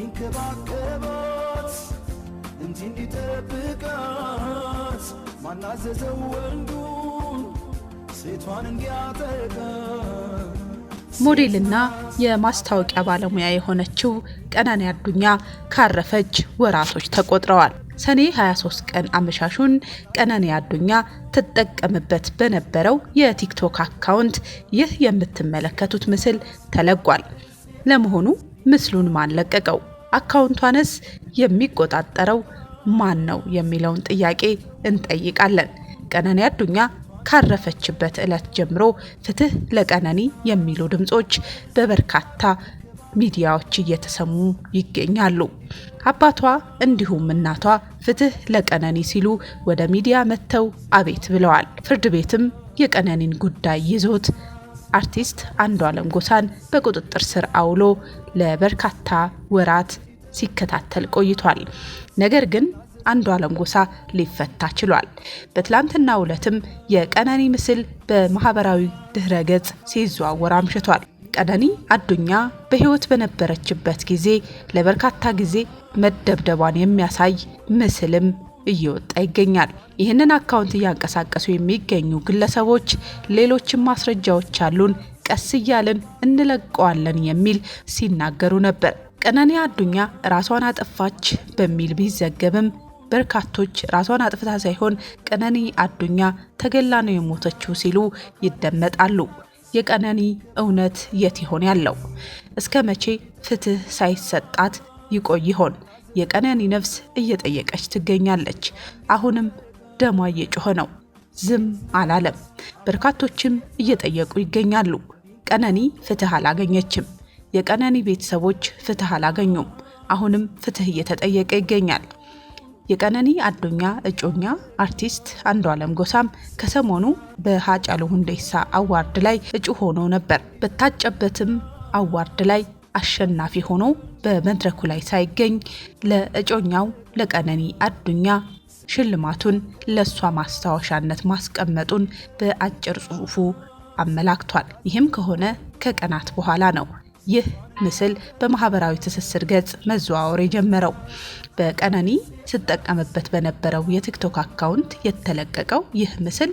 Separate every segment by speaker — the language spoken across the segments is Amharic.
Speaker 1: ይንከባከባት እንጂ እንዲጠብቃት ማናዘዘው ወንዱን ሴቷን እንዲያጠቃ ሞዴልና የማስታወቂያ ባለሙያ የሆነችው ቀነኒ አዱኛ ካረፈች ወራቶች ተቆጥረዋል። ሰኔ 23 ቀን አመሻሹን ቀነኒ አዱኛ ትጠቀምበት በነበረው የቲክቶክ አካውንት ይህ የምትመለከቱት ምስል ተለቋል። ለመሆኑ ምስሉን ማን ለቀቀው? አካውንቷንስ የሚቆጣጠረው ማን ነው የሚለውን ጥያቄ እንጠይቃለን። ቀነኒ አዱኛ ካረፈችበት ዕለት ጀምሮ ፍትህ ለቀነኒ የሚሉ ድምጾች በበርካታ ሚዲያዎች እየተሰሙ ይገኛሉ። አባቷ እንዲሁም እናቷ ፍትህ ለቀነኒ ሲሉ ወደ ሚዲያ መጥተው አቤት ብለዋል። ፍርድ ቤትም የቀነኒን ጉዳይ ይዞት አርቲስት አንዷለም ጎሳን በቁጥጥር ስር አውሎ ለበርካታ ወራት ሲከታተል ቆይቷል። ነገር ግን አንዷለም ጎሳ ሊፈታ ችሏል። በትላንትናው ዕለትም የቀነኒ ምስል በማህበራዊ ድህረ ገጽ ሲዘዋወር አምሽቷል። ቀነኒ አዱኛ በህይወት በነበረችበት ጊዜ ለበርካታ ጊዜ መደብደቧን የሚያሳይ ምስልም እየወጣ ይገኛል። ይህንን አካውንት እያንቀሳቀሱ የሚገኙ ግለሰቦች ሌሎችን ማስረጃዎች አሉን፣ ቀስ እያልን እንለቀዋለን የሚል ሲናገሩ ነበር። ቀነኒ አዱኛ ራሷን አጠፋች በሚል ቢዘገብም በርካቶች ራሷን አጥፍታ ሳይሆን ቀነኒ አዱኛ ተገላ ነው የሞተችው ሲሉ ይደመጣሉ። የቀነኒ እውነት የት ይሆን ያለው? እስከ መቼ ፍትህ ሳይሰጣት ይቆይ ይሆን? የቀነኒ ነፍስ እየጠየቀች ትገኛለች። አሁንም ደሟ እየጮኸ ነው፣ ዝም አላለም። በርካቶችም እየጠየቁ ይገኛሉ። ቀነኒ ፍትህ አላገኘችም። የቀነኒ ቤተሰቦች ፍትህ አላገኙም። አሁንም ፍትህ እየተጠየቀ ይገኛል። የቀነኒ አዶኛ እጮኛ አርቲስት አንዷለም ጎሳም ከሰሞኑ በሀጫሉ ሁንዴሳ አዋርድ ላይ እጩ ሆኖ ነበር። በታጨበትም አዋርድ ላይ አሸናፊ ሆኖ በመድረኩ ላይ ሳይገኝ ለእጮኛው ለቀነኒ አዱኛ ሽልማቱን ለእሷ ማስታወሻነት ማስቀመጡን በአጭር ጽሑፉ አመላክቷል። ይህም ከሆነ ከቀናት በኋላ ነው ይህ ምስል በማህበራዊ ትስስር ገጽ መዘዋወር የጀመረው። በቀነኒ ስጠቀምበት በነበረው የቲክቶክ አካውንት የተለቀቀው ይህ ምስል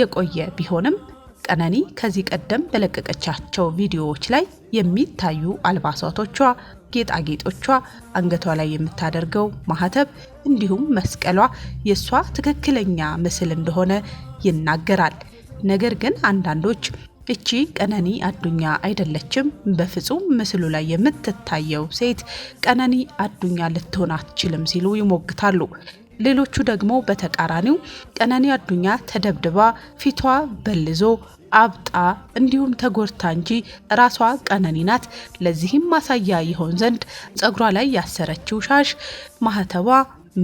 Speaker 1: የቆየ ቢሆንም ቀነኒ ከዚህ ቀደም በለቀቀቻቸው ቪዲዮዎች ላይ የሚታዩ አልባሳቶቿ፣ ጌጣጌጦቿ፣ አንገቷ ላይ የምታደርገው ማህተብ እንዲሁም መስቀሏ የእሷ ትክክለኛ ምስል እንደሆነ ይናገራል። ነገር ግን አንዳንዶች እቺ ቀነኒ አዱኛ አይደለችም፣ በፍጹም ምስሉ ላይ የምትታየው ሴት ቀነኒ አዱኛ ልትሆን አትችልም ሲሉ ይሞግታሉ። ሌሎቹ ደግሞ በተቃራኒው ቀነኒ አዱኛ ተደብድባ ፊቷ በልዞ አብጣ እንዲሁም ተጎድታ እንጂ ራሷ ቀነኒ ናት። ለዚህም ማሳያ ይሆን ዘንድ ጸጉሯ ላይ ያሰረችው ሻሽ፣ ማህተቧ፣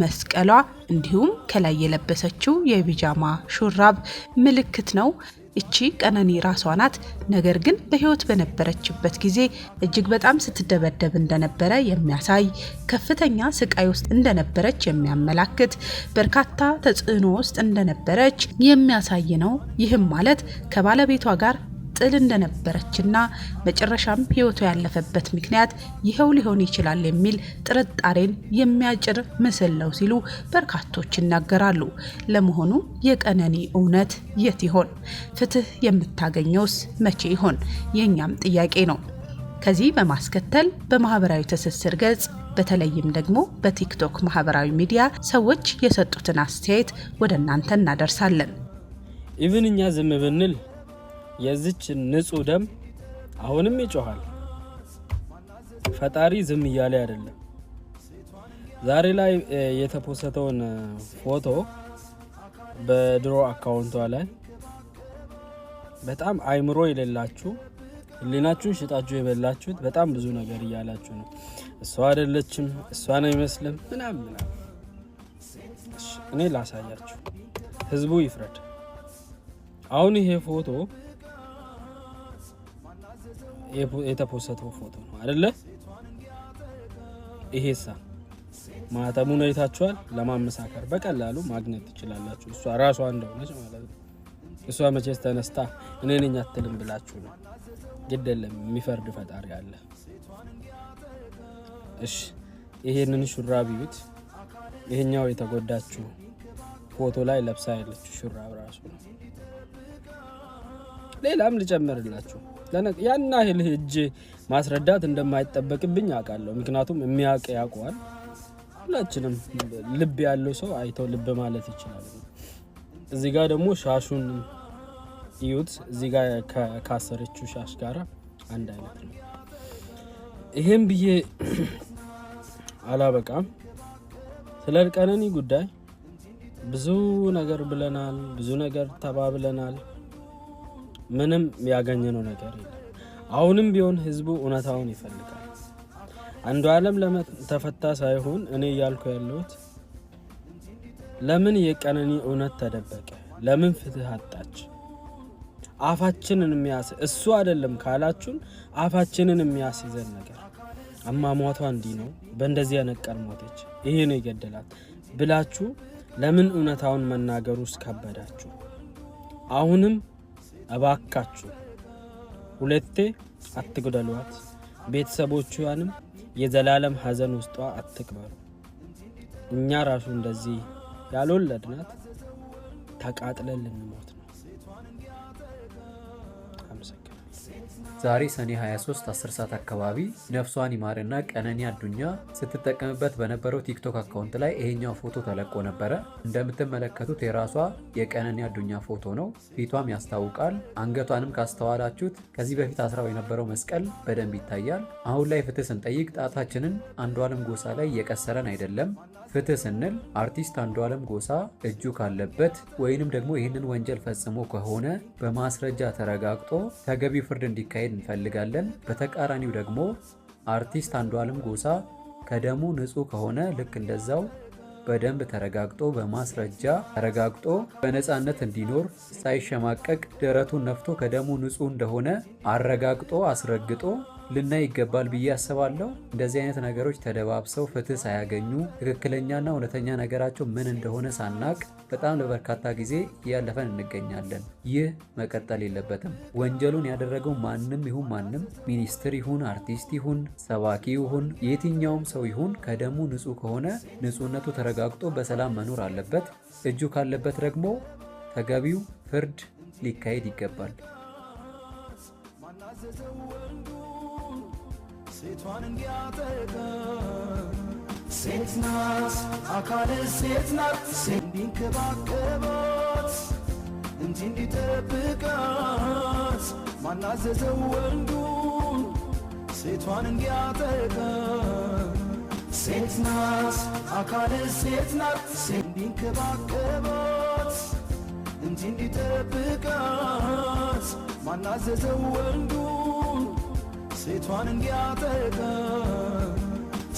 Speaker 1: መስቀሏ እንዲሁም ከላይ የለበሰችው የቢጃማ ሹራብ ምልክት ነው። እቺ ቀነኒ ራሷ ናት። ነገር ግን በህይወት በነበረችበት ጊዜ እጅግ በጣም ስትደበደብ እንደነበረ የሚያሳይ ከፍተኛ ስቃይ ውስጥ እንደነበረች የሚያመላክት በርካታ ተጽዕኖ ውስጥ እንደነበረች የሚያሳይ ነው። ይህም ማለት ከባለቤቷ ጋር ጥል እንደነበረችና መጨረሻም ህይወቱ ያለፈበት ምክንያት ይኸው ሊሆን ይችላል የሚል ጥርጣሬን የሚያጭር ምስል ነው ሲሉ በርካቶች ይናገራሉ። ለመሆኑ የቀነኒ እውነት የት ይሆን? ፍትህ የምታገኘውስ መቼ ይሆን? የእኛም ጥያቄ ነው። ከዚህ በማስከተል በማህበራዊ ትስስር ገጽ በተለይም ደግሞ በቲክቶክ ማህበራዊ ሚዲያ ሰዎች የሰጡትን አስተያየት ወደ እናንተ እናደርሳለን።
Speaker 2: ኢቭን እኛ ዝም ብንል የዚች ንጹህ ደም አሁንም ይጮኋል። ፈጣሪ ዝም እያለ አይደለም። ዛሬ ላይ የተፖሰተውን ፎቶ በድሮ አካውንቷ ላይ በጣም አይምሮ የሌላችሁ ህሊናችሁን ሽጣችሁ የበላችሁት በጣም ብዙ ነገር እያላችሁ ነው። እሷ አይደለችም፣ እሷን አይመስልም ምናምን። እኔ ላሳያችሁ፣ ህዝቡ ይፍረድ። አሁን ይሄ ፎቶ የተፖሰተው ፎቶ ነው አይደለ? ይሄሳ ነው አይታችኋል። ለማመሳከር በቀላሉ ማግኘት ትችላላችሁ። እሷ ራሷ እንደሆነች ማለት ነው። እሷ መቼስ ተነስታ እኔ ነኝ አትልም ብላችሁ ነው። ግድ የለም የሚፈርድ ፈጣሪ አለ። እሺ ይሄንን ሹራብ ይዩት። ይሄኛው የተጎዳችው ፎቶ ላይ ለብሳ ያለችው ሹራብ ራሱ ነው። ሌላም ልጨምርላችሁ ያን ያህል ሄጄ ማስረዳት እንደማይጠበቅብኝ አውቃለሁ። ምክንያቱም የሚያውቅ ያውቀዋል። ሁላችንም ልብ ያለው ሰው አይተው ልብ ማለት ይችላል። እዚህ ጋር ደግሞ ሻሹን እዩት። እዚህ ጋር ካሰረችው ሻሽ ጋራ አንድ አይነት ነው። ይሄም ብዬ አላበቃም። ስለ ቀነኒ ጉዳይ ብዙ ነገር ብለናል፣ ብዙ ነገር ተባብለናል። ምንም ያገኘነው ነገር የለም። አሁንም ቢሆን ህዝቡ እውነታውን ይፈልጋል። አንዱ አለም ተፈታ ሳይሆን እኔ እያልኩ ያለሁት ለምን የቀነኒ እውነት ተደበቀ? ለምን ፍትህ አጣች? አፋችንን የሚያስ እሱ አይደለም ካላችሁን አፋችንን የሚያስይዘን ነገር አሟሟቷ እንዲህ ነው፣ በእንደዚህ ያነቀር ሞተች፣ ይሄ ነው የገደላት ብላችሁ ለምን እውነታውን መናገሩ ውስጥ ከበዳችሁ? አሁንም እባካችሁ ሁለቴ አትግደሏት፣ ቤተሰቦቿንም የዘላለም ሐዘን ውስጧ አትቅበሩ። እኛ ራሱ እንደዚህ ያልወለድናት ተቃጥለን ልንሞት
Speaker 3: ዛሬ ሰኔ 23 10 ሰዓት አካባቢ ነፍሷን ይማርና ቀነኒ አዱኛ ስትጠቀምበት በነበረው ቲክቶክ አካውንት ላይ ይሄኛው ፎቶ ተለቆ ነበረ። እንደምትመለከቱት የራሷ የቀነኒ አዱኛ ፎቶ ነው። ፊቷም ያስታውቃል። አንገቷንም ካስተዋላችሁት ከዚህ በፊት አስራው የነበረው መስቀል በደንብ ይታያል። አሁን ላይ ፍትህ ስንጠይቅ ጣታችንን አንዷለም ጎሳ ላይ እየቀሰረን አይደለም። ፍትህ ስንል አርቲስት አንዷለም ጎሳ እጁ ካለበት ወይንም ደግሞ ይህንን ወንጀል ፈጽሞ ከሆነ በማስረጃ ተረጋግጦ ተገቢው ፍርድ እንዲ እንዲካሄድ እንፈልጋለን። በተቃራኒው ደግሞ አርቲስት አንዷለም ጎሳ ከደሙ ንጹህ ከሆነ ልክ እንደዛው በደንብ ተረጋግጦ በማስረጃ ተረጋግጦ በነፃነት እንዲኖር ሳይሸማቀቅ ደረቱን ነፍቶ ከደሙ ንጹህ እንደሆነ አረጋግጦ አስረግጦ ልናይ ይገባል ብዬ አስባለሁ። እንደዚህ አይነት ነገሮች ተደባብሰው ፍትህ ሳያገኙ ትክክለኛና እውነተኛ ነገራቸው ምን እንደሆነ ሳናቅ በጣም ለበርካታ ጊዜ እያለፈን እንገኛለን። ይህ መቀጠል የለበትም። ወንጀሉን ያደረገው ማንም ይሁን ማንም፣ ሚኒስትር ይሁን፣ አርቲስት ይሁን፣ ሰባኪ ይሁን፣ የትኛውም ሰው ይሁን ከደሙ ንጹህ ከሆነ ንጹህነቱ ተረጋግጦ በሰላም መኖር አለበት። እጁ ካለበት ደግሞ ተገቢው ፍርድ ሊካሄድ ይገባል። ሴቷን እንዲያጠቃ ሴት ናት፣ አካል ሴት ናት፣ እንዲንከባከባት እንጂ እንዲጠብቃት ማናዘዘው ወንዱን ሴቷን እንዲያጠቃ ሴት ናት፣ አካል ሴት ናት፣ እንዲንከባከባት እንጂ እንዲጠብቃት ማናዘዘው ወንዱ ሴቷን እንዲያጠቃ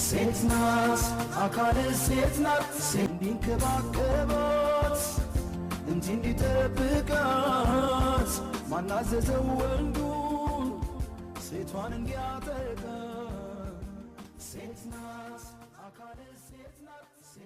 Speaker 3: ሴት ናት አካል ሴት ናት እንዲንከባከባት እንጂ እንዲጠብቃት ማናዘዘው ወንዱን ሴቷን እንዲያጠቃ ሴት ናት